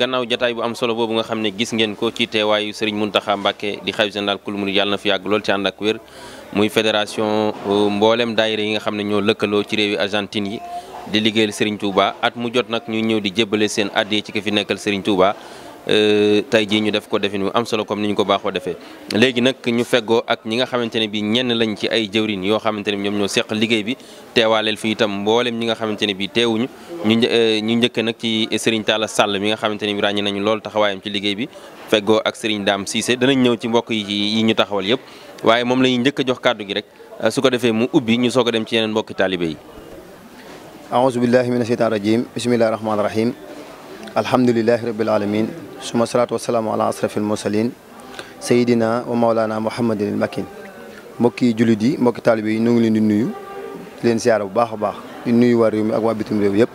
gannaaw jataay bu am solo boobu nga xam ne gis ngeen ko ci teewaayu mun Mountakha Mbacké di xalifa général kul murid yàlla na fi ak lool ci ànd ak wér muy fédération euh, mboolem daayira yi nga xam ne ñoo lëkkaloo ci réewi Argentine yi di liggéeyal Serigne Touba at mu jot nag ñu ñëw di jébbale seen yi ci ki fi nekkal Serigne Touba Euh, tey jii ñu def ko defin wu am solo comme ni ñu ko baaxoo defee léegi nag ñu feggoo ak ñi nga xamante ne bi ñenn lañu ci ay jëwrin yoo xamante ne bi ñoom ñoo seq liggéey bi teewaaleel fi itam mboolem ñi nga xamante ne bi teewuñu ñu euh, ñu njëkke nag ci Serigne Talla Sall mi nga xamante ne bi ràññe nañu lool taxawaayam ci liggéey bi feggoo ak Serigne Dame Cissé danañ ñëw ci mbokk yi ñu taxawal yëpp waaye moom la ñuy njëkk a jox kàddu gi rek euh, su ko defee mu ubbi ñu soog a dem ci yeneen mbokki taalibé yi aousubillahi mina sheytan rajim bismillahi rahmani rahim alhamdulilahi rabil alamin suma salaatu wasalaamu ala asrafil mursalin sayidina wa maolana muhammadin il makin mbokki jullit yi mbokki taalibe yi ñu ngi leen di nuyu di leen siyaara bu baax a baax di nuyu waa réew mi ak waa bitim réew yëpp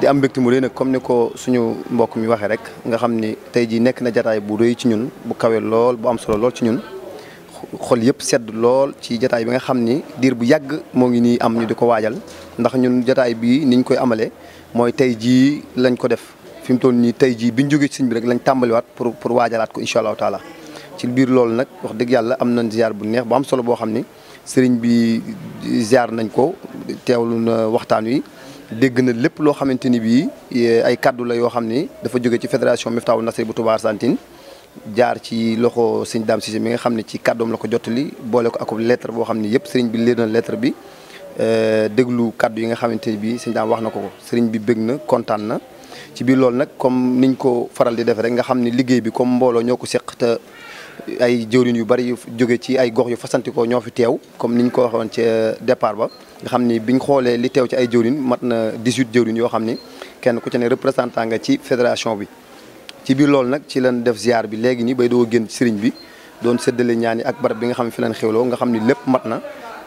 di am mbégte mu rëy nag comme ni ko suñu mbokk mi waxee rek nga xam ni tey jii nekk na jataay bu rëy ci ñun bu kawe lool bu am solo lool ci ñun xol yëpp sedd lool ci jataay bi nga xam ni diir bu yàgg moo ngi nii am di ko waajal ndax ñun jataay bi niñ koy amale mooy tey jii lañ ko def fi mu toll nii tey jii bi ñu jógee ci sëñ bi rek lañ tàmbaliwaat pour pour waajalaat ko incha allahu taala ci biir loolu nag wax dëgg yàlla am nañ ziar bu neex bu am solo boo xam ni sëriñ bi ziar nañ ko teewlu na waxtaan wi dégg na lépp loo xamante ni bii eh, ay kaddu la yoo xam ni dafa jóge ci fédération Miftahul Nasri bu Touba Argentine jaar ci loxo sëñ Dame Cissé mi nga xam ne ci kàddoom la ko jottali boole ko ak lettre boo xam ne yëpp sëriñ bi leer na lettre bi eh, déglu kaddu yi nga xamante ni bii sëñ Dame wax na ko ko sëriñ bi bëgg na kontaan na. ci biir loolu nag comme niñ ko faral di def rek nga xam ni liggéey bi comme mbooloo ñoo ko seq te ay jëwriñ yu bari yu jóge ci ay gox yu fasantikoo ñoo fi teew comme niñ ko waxoon euh, départ ba nga xam ni biñ xoolee li teew ci ay jëwriñ mat na 18 jëwriñ yoo xam ni kenn ku ci ne représentant nga ci fédération bi ci biir loolu nag ci lañ def ziar bi léegi nii bay doo génn sëriñ bi doon séddale ñaan yi ak barab bi nga xam ne fi leen xewloo nga xam ni lépp mat na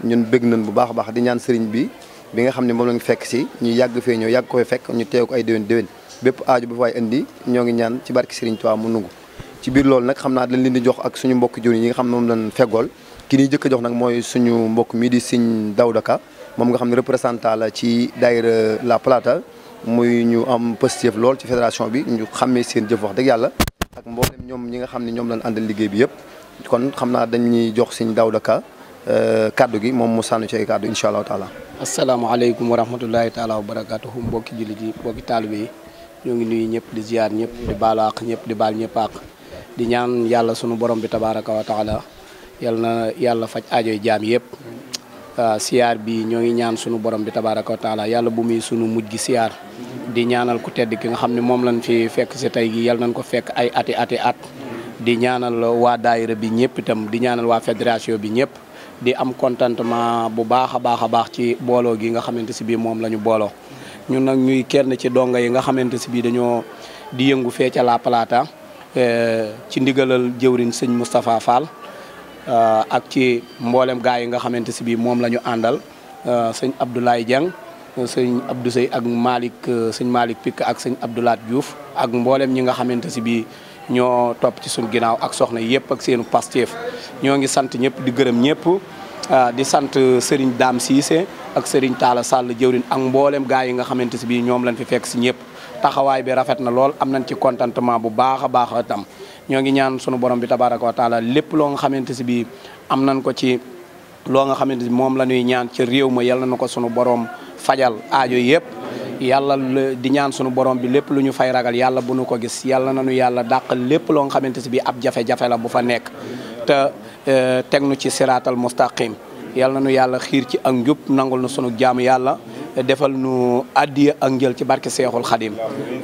ñun bëgg nañ bu baax a baax di ñaan sëriñ bi bi nga xam ne moom lañ fekk si ñu yàgg fee ñëw yàgg ko fekk ñu teew ko ay déwén déwén bépp aajo bu fay indi ñoo ngi ñaan ci barki Serigne Touba mu nungu ci biir loolu nag xam naa dañ leen di jox ak suñu mbokk jur yi nga xam ne moom ki ñuy jëkk jox nag mooy suñu mbokk mii di Serigne Daouda Ka moom nga xam ne représentant la ci daayira La Plata muy ñu am positif lool ci fédération bi ñu xàmmee seen jëf wax dëgg yàlla ak mboolem ñoom ñi nga xam ne ñoom lañ àndal liggéey bi yëpp kon xam naa dañuy jox Serigne Daouda Ka euh, kaddu gi moom mu sànni ci ay kaddu incha allahu taala. asalaamaaleykum wa rahmatullahi taala wa barakaatuhu mbokki jullit yi mbokki taalibe yi ñoo ngi nuyu ñëpp di ziar ñëpp di baalu àq ñëpp di baal ñëpp àq di ñaan yàlla sunu borom bi tabaaraka wa taala yal na yàlla faj aajoy jaam yëpp siyaar ah, bi ñoo ngi ñaan sunu borom bi tabaaraka wa yàlla bu muy sunu mujj gi siyaar di ñaanal ku tedd ki nga xam ne moom lañ fi fekk si tey gi yal nañ ko fekk ay ati ati at di ñaanal waa daayira bi ñëpp itam di ñaanal waa fédération bi ñëpp di am contentement bu baax a baax a baax ci booloo gi nga xamante si bii moom la ñu booloo ñun nag ñuy kenn ci donga yi nga xamante si bii dañoo di yëngu fee ca La Plata eh, ci ndigalal jëwrin sëñ Moustapha Fall eh, ak ci mboolem gaa yi nga xamante si bii moom lañu ñu àndal eh, sëñ Abdoulaye Dieng sëñ Abdou ak Malick sëñ Malick Pick ak sëñ Abdoulaat Diouf ak mboolem ñi nga xamante si bii ñoo topp ci suñ ginnaaw ak soxna yëpp ak seenu Pastef ñoo ngi sant ñëpp di gërëm ñëpp. Euh, di sant Serigne daam Cissé ak sëriñ taala Sall jëwrin ak mboolem gaa yi nga xamante si bii ñoom lañ fi fekk si ñëpp taxawaay bi rafet na lool am nañ ci contentement bu baax a baax a tam ñoo ngi ñaan sunu borom bi tabaraka wa lépp loo nga xamante si bii am nañ ko ci loo nga xamante si moom la ñuy ñaan ci réew ma yàlla na ko sunu borom fajal aajo yëpp yàlla di ñaan sunu borom bi lépp lu ñu fay ragal yàlla bu nu ko gis yàlla nañu yàlla dàq lépp loo nga xamante si bii ab jafe-jafe la bu fa nekk te eh, teg nu ci siraatal mustaqim yal na nu yàlla xiir ci ak njub nangul na sunu jaamu yàlla defal nu addiya ak njël ci barke seexul xadim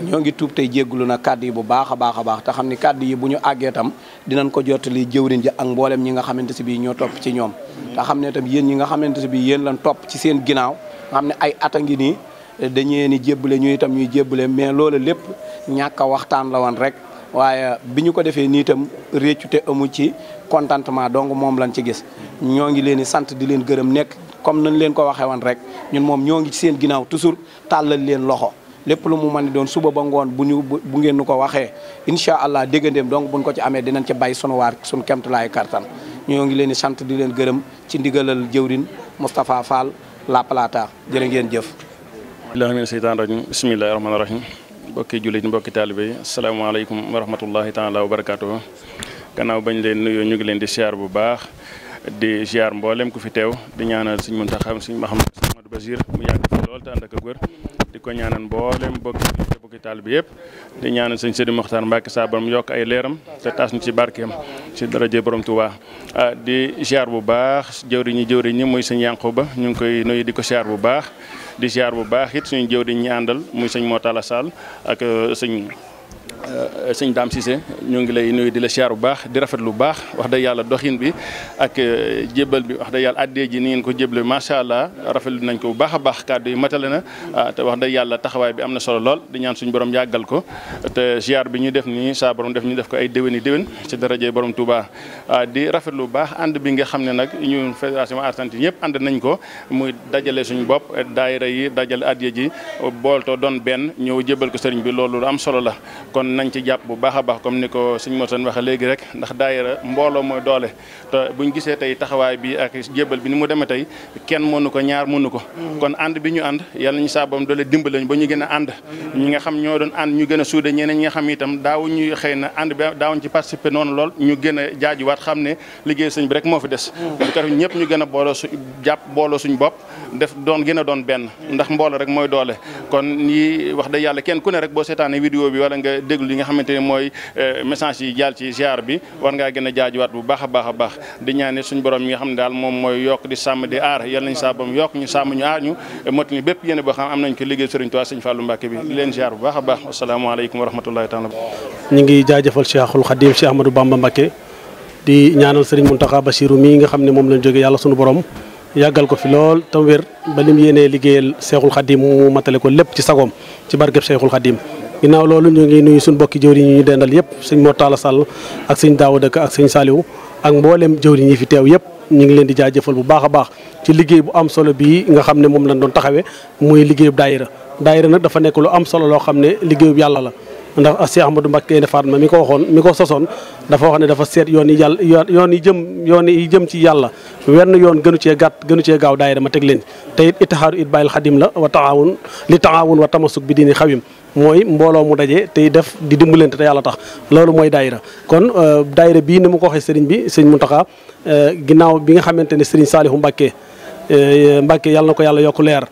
ñoo ngi tuub tey jégglu na kaddi yi bu baax a baax a baax te xam ni kàddu yi bu ñu àggee tam dinañ ko jottali jëwriñ ji ak mboolem ñi nga xamante si bii ñoo topp ci ñoom te xam ne tam yéen ñi nga xamante si bii yéen lan topp ci seen ginnaaw nga xam ne ay at a ngi nii dañee ni jébbale ñu itam ñuy jébbale mais loolu lépp ñàkk a waxtaan la woon rek waaye bi ñu ko defee niitam itam réccute amu ci contentement donc moom lañ ci gis ñoo ngi leen di sant di leen gërëm nekk comme nañ leen ko waxee woon rek ñun moom ñoo ngi ci seen ginnaaw toujours tàllal leen loxo lépp lu mu mën doon suba ba ngoon bu ñu bu ngeen nu ko waxee incha allah déggandeem donc buñ ko ci amee dinañ ci bay sunu waar sunu kemtulaay kartan ñoo ngi leen di sant di leen gërëm ci ndigalal jëwrin Moustapha Fall La Plata jërë ngeen jëf. billahi mina seytaan rajim bismillahi rahmaani rahim mbokki jullit mbokki taalibe yi asalaamaaleykum wa rahmatullahi taala wa barakaatu. gannaaw bañ leen nuyoo ñu ngi leen di ziar bu baax di ziar mbooleem ku fi teew di ñaanal suñ mën ta xam suñ ma xam Amadou Basir mu yàgg fi lool te ànd ak wér di ko ñaanal mboolem mbokki jullit mbokki taalibe yëpp di ñaanal suñ Sëriñ Moxtaar Mbàkke saa borom yokk ay leeram te taas ci barkeem ci daraje borom Tuubaa ah, di ziar bu baax jëwriñi jëwriñi muy suñ ba ñu ngi koy nuyu di ko ziar bu baax di ziar bu baax it suñu jëw di ñu àndal muy sëñ Motala Sall ak euh, sëñ Euh, sëñ Dame sise ñu ngi lay nuyu di la siyaar bu baax di rafet lu baax wax dëgg yàlla doxin bi ak euh, jébbal bi wax dëgg yàlla addee ji ni ngeen ko jébbale macha allah rafetlu nañ ko bu baax a baax kàddu yi matale na ah, te wax dëgg yàlla taxawaay bi am na solo lool di ñaan suñu borom yàggal ko te siyaar bi ñu def nii saa def ñu def ko ay déwéni déwén ci daraje borom tubaa ah, di rafet lu baax ànd bi nga xam ne nag ñu fédération argentine yëpp ànd nañ ko muy dajale suñu bopp daayira yi dajale addee ji booltoo doon benn ñëw jébbal ko sëriñ bi loolu am solo la kon nañ ci jàpp bu baax a baax comme ni ko suñ motoon waxee léegi rek ndax daayira mbooloo mooy doole te buñ gisee tey taxawaay bi ak jébal bi ni mu demee tey kenn mënu ko ñaar mënu ko mm. kon ànd bi ñu ànd yàlla ñu saabam doole dimbalañ ba ñu gën a ànd mm. ñu gën a suude xam itam daawuñu xëy na ànd bi daawuñ ci participer noonu lool ñu gën a jaajuwaat xam ne liggéey sëñ bi rek moo fi des mm. bu ko ñëpp ñu gën a booloo su jàpp booloo suñ bopp def doon gën a doon benn ndax mbooloo rek mooy doole kon ñi wax dëgg yàlla kenn ku ne rek boo seetaane vidéo bi wala nga déglu li nga xamante ne mooy euh, message yi jaal ci ziar bi war ngaa gën jaajuwaat bu baax a baax a baax di ñaane suñ borom yi nga xam ne daal moom mooy yokk di sàmm di aar yal nañ yokk ñu sàmm ñu aar ñu mot ñu bépp yéene boo xam am nañ ko liggéey Sëriñ Tuubaa Sëriñ Fàllu Mbàkke bi di leen ziar bu baax a baax asalaamaaleykum wa rahmatullahi taala ñu ngi jaajëfal Cheikhul Khadim Cheikh Ahmadou Bamba Mbàkke di ñaanal Sëriñ Muntaxa Basiru mi nga xam ne moom lañ jóge yàlla suñu borom yàggal ko fi lool tam wér ba lim yéenee liggéeyal Seexul Xadim mu matale ko lépp ci sagoom ci barkeb Seexul Xadim ginnaaw loolu ñu ngi nuyu suñ bokki jëwriñ yi ñu dendal yëpp sëñ Mor Talla Sall ak sëñ Daouda Ka ak sëñ saaliw ak mboolem jëwriñ yi fi teew yëpp ñu ngi leen di jaajëfal bu baax a baax ci liggéey bu am solo bii nga xam ne moom lañ doon taxawee muy liggéeyu daayira daayira nag dafa nekk lu am solo loo xam ne liggéeyu yàlla la ndax Cheikh Ahmadou Mbacké Gaïndé Fatma mi ko waxoon mi ko sosoon dafa wax ne dafa seet yoon yi yàlla yoon yoon yi jëm yoon yi jëm ci yàlla wenn yoon gënu cee gàtt gënu cee gaaw daayira ma teg leen te it itixaaru it bàyyil xadim la wa taawun li taawun wa tamasuk bi diini xawim mooy mbooloo mu daje tey def di dimbalante te yàlla tax loolu mooy daayira kon euh, daayira bii ni mu ko waxee sëriñ bi sëriñ Mountakha euh, ginnaaw bi nga xamante ne sëriñ Saalihu Mbacké euh, Mbacké yàlla na ko yàlla yokk leer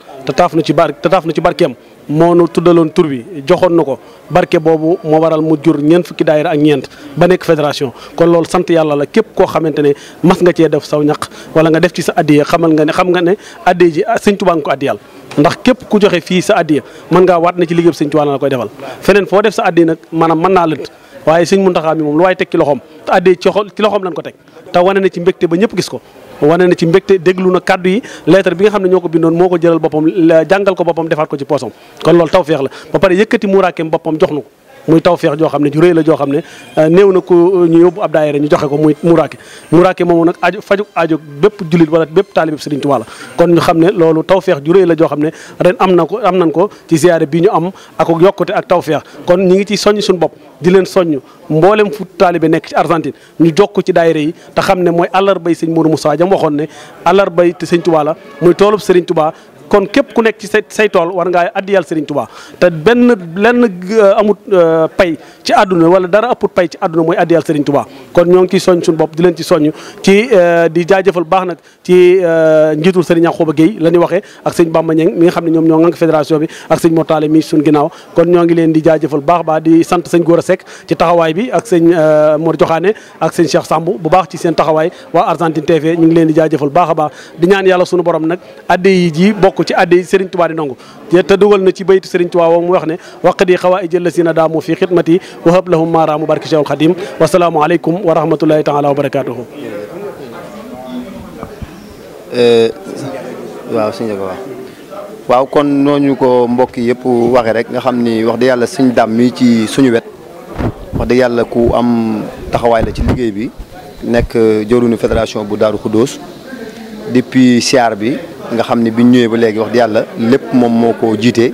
ci bar te taaf na ci barkeem moo nu tuddaloon tur bi joxoon na ko barke boobu moo waral mu jur ñeent fukki daayira ak ñeent ba nekk fédération kon loolu sant yàlla la képp koo xamante ne mas nga cee def saw ñaq wala nga def ci sa addiya xamal nga ne xam nga ne addiya ji ah sëñ Tuubaa nga ko addiyal ndax képp ku joxe fii sa addiya mën ngaa waat na ci liggéey sëñ Tuubaa la koy defal feneen foo def sa addiya nag maanaam mën naa lënt waaye sëñ Muntaxaa mi moom lu waaye teg ci loxoom addiya ci loxoom lañ ko teg te wane na ci mbégte ba ñëpp gis ko wane na ci mbégte déglu na kàddu yi lettre bi nga xam ne ñoo ko bindoon moo ko jëlal boppam jàngal ko boppam defaat ko ci poosam kon taw tawféex la ba pare yëkkati muuraakeem boppam jox na ko muy tawféex joo xam ne ju la joo xam ne euh, new na ko euh, ñu yóbbu ab daayira ñu joxe ko muy muraake muraake moomu nag aju faju aju bépp jullit wala bépp taalibib Sëriñ Tuubaa la kon ñu xam ne loolu tawféex ju rëy la joo xam ne ren am na ko am nañ ko ci ziyaare bi ñu am ak yokkute ak taw tawféex kon ñu ngi ci soññ suñu bopp di leen soññ mboolem fu taalibe nekk ci Argentine ñu jokk ci daayira yi te xam ne mooy àllarbay sëñ Mourou Moussa jam waxoon ne àllarbay bay t Tuubaa la muy toolub Sëriñ Tuubaa kon képp ku nekk ci say say tool war ngaa addiyal Serigne tubaa te benn lenn euh, amut euh, pay ci àdduna wala dara ëpput pay ci àdduna mooy addiyal Serigne tubaa kon ñoo ngi ciy soñ suñu bopp di leen ci soññ ci euh, di jaajëfal baax nag ci njiitul Serigne Yakhouba Guèye la ñuy waxee ak sëñ Bamba Ñeng mi nga xam ne ñoom ñoo ngank fédération bi ak sëñ Mortale suñ ginnaaw kon ñoo ngi leen di jaajëfal baax baa di sant sëñ Gora Seck ci taxawaay bi ak sëñ moo Joxaane ak sëñ Cheikh Samb bu baax ci seen taxawaay waa Argentine TV ñu ngi leen di jaajëfal baax a baax di ñaan yàlla suñu borom nag adde yi ji bokk ci addi Serigne Touba di nangu te dugal na ci baytu Serigne Touba woo mu wax ne waqdi xawaïj allasina daamu fi si wa hab lahum maaraamu barke Cheikh Khadim aleykum wa rahmatullahi taala wa barakatuhu eh, waaw sëñ Ndiaga waaw kon nooñu ko mbokk yëpp waxe rek nga xam ni wax dëgg yàlla sëñ Dame mi ci suñu wet wax dëgg yàlla ku am taxawaay la ci liggéey bi nekk jëruñu fédération bu Daaru Xuddoos depuis siyaar bi nga xam ne biñ ñëwee ba léegi wax di yàlla lépp moom moo ko jiite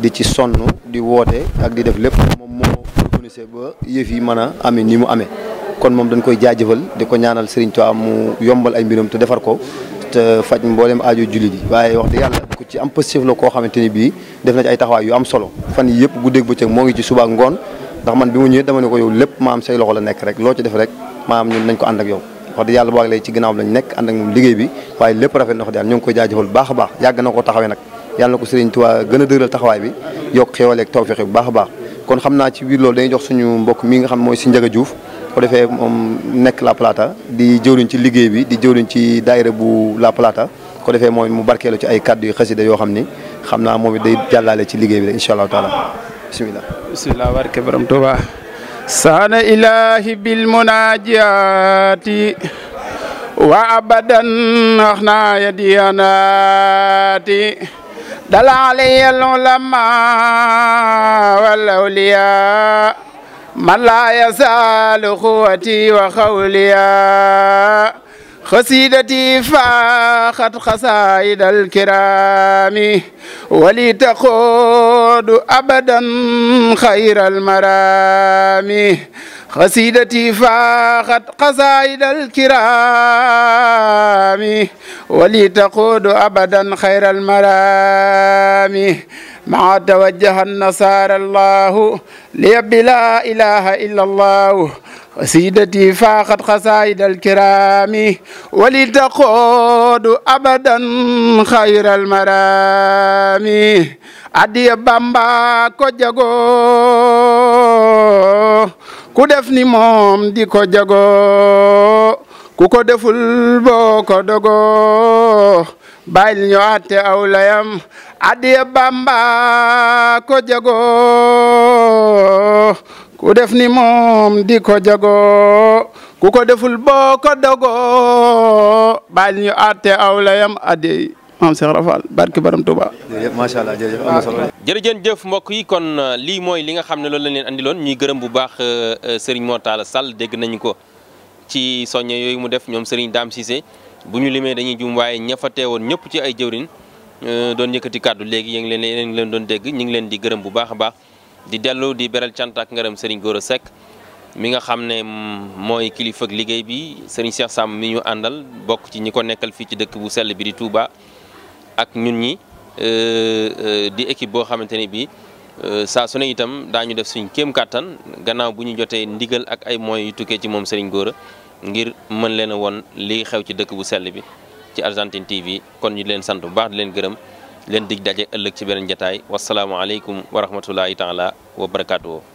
di ci sonn di woote ak di def lépp moom moo organisé ba yëf yi mën a amee ni mu amee kon moom dañ koy jaajëfal di ko ñaanal Serigne Touba mu yombal ay mbiram te defar ko te faj mboolem aajo jullit yi waaye wax di yàlla ko ci am positif la koo xamante ni bii def na ci ay taxawaay yu am solo fan yi yëpp guddeeg bëccëg moo ngi ci suba ak ngoon ndax man bi mu ñëwee dama ne ko yow lépp maam say lo la nekk rek loo ci def rek maam ñun ko ànd yow wax dëgg yàlla boog léegi ci ginnaaw lañ nekk ànd a baax yàgg na ko taxawee nag yàlla na ko Sëriñ Tuubaa gën a dëgëral taxawaay bi yokk xéewaleeg tawfeex bu xam naa ci biir loolu dañuy moom nekk La Plata di jëwriñ ci liggéey bi di jëwriñ ci daayira bu La Plata ko defee mooy mu barkeelu ci ay kàddu yu xasida yoo xam ni xam naa moom it day jàllaale ci liggéey bi rek incha allahu taala bisimilah bisimilah barke borom سان إله بالمناجات وأبدا أخنا يديانات دل علي العلماء والأولياء من لا يزال قوتي وخوليا قصيدتي فاخت قصائد الكرام ولتقود أبدا خير المرام قصيدتي فاخت قصائد الكرام ولتقود أبدا خير المرام مع توجه النصارى الله ليب لا إله إلا الله سيدتي فاقت قصائد الكرام ولتقود أبدا خير المرام أدي بامبا كجاغو كدفني موم دي كجاغو كوكو دفل بو كدغو bàyyil ñu àtte aw layam adiya Bamba ko jago ku def ni moom di ko jago ku ko deful boo ko dogo baal ñu àtte aw layam addi maam Cheikh Rafal barki Borom Touba. jërëjëf macha allah mbokk yi kon euh, lii mooy li nga xam ne loolu lañ leen andiloon ñuy gërëm bu baax euh, euh, Serigne Mor Talla Sall dégg nañu ko ci soññe yooyu mu def ñoom Serigne Dame Cissé bu ñu limee dañuy jum waaye ña fa teewoon ñëpp ci ay jëwrin doon yëkkati kàddu léegi yéen ngi leen leen doon dégg ñu leen di gërëm bu baax a baax. di dellu di beral cant ak ngërëm Serigne Gora Seck mi nga xam ne mooy kilifa liggéey bi Serigne Cheikh Samb mi ñu àndal bokk ci ñi ko nekkal fii ci dëkk bu sell bi di Touba ak ñun ñi euh, euh, di équipe boo xamante ni bii euh, saa su ne itam daañu def suñ kéem kàttan gannaaw bu ñu jotee ndigal ak ay moyens yu tukkee ci moom Serigne Gora ngir mën leen a woon lii xew ci dëkk bu sell bi ci Argentine TV kon ñu leen sant bu baax di leen gërëm. leen dig daje ëllëg ci beneen jataay wasalaamualeykum wa rahmatullahi taala wa barakaatu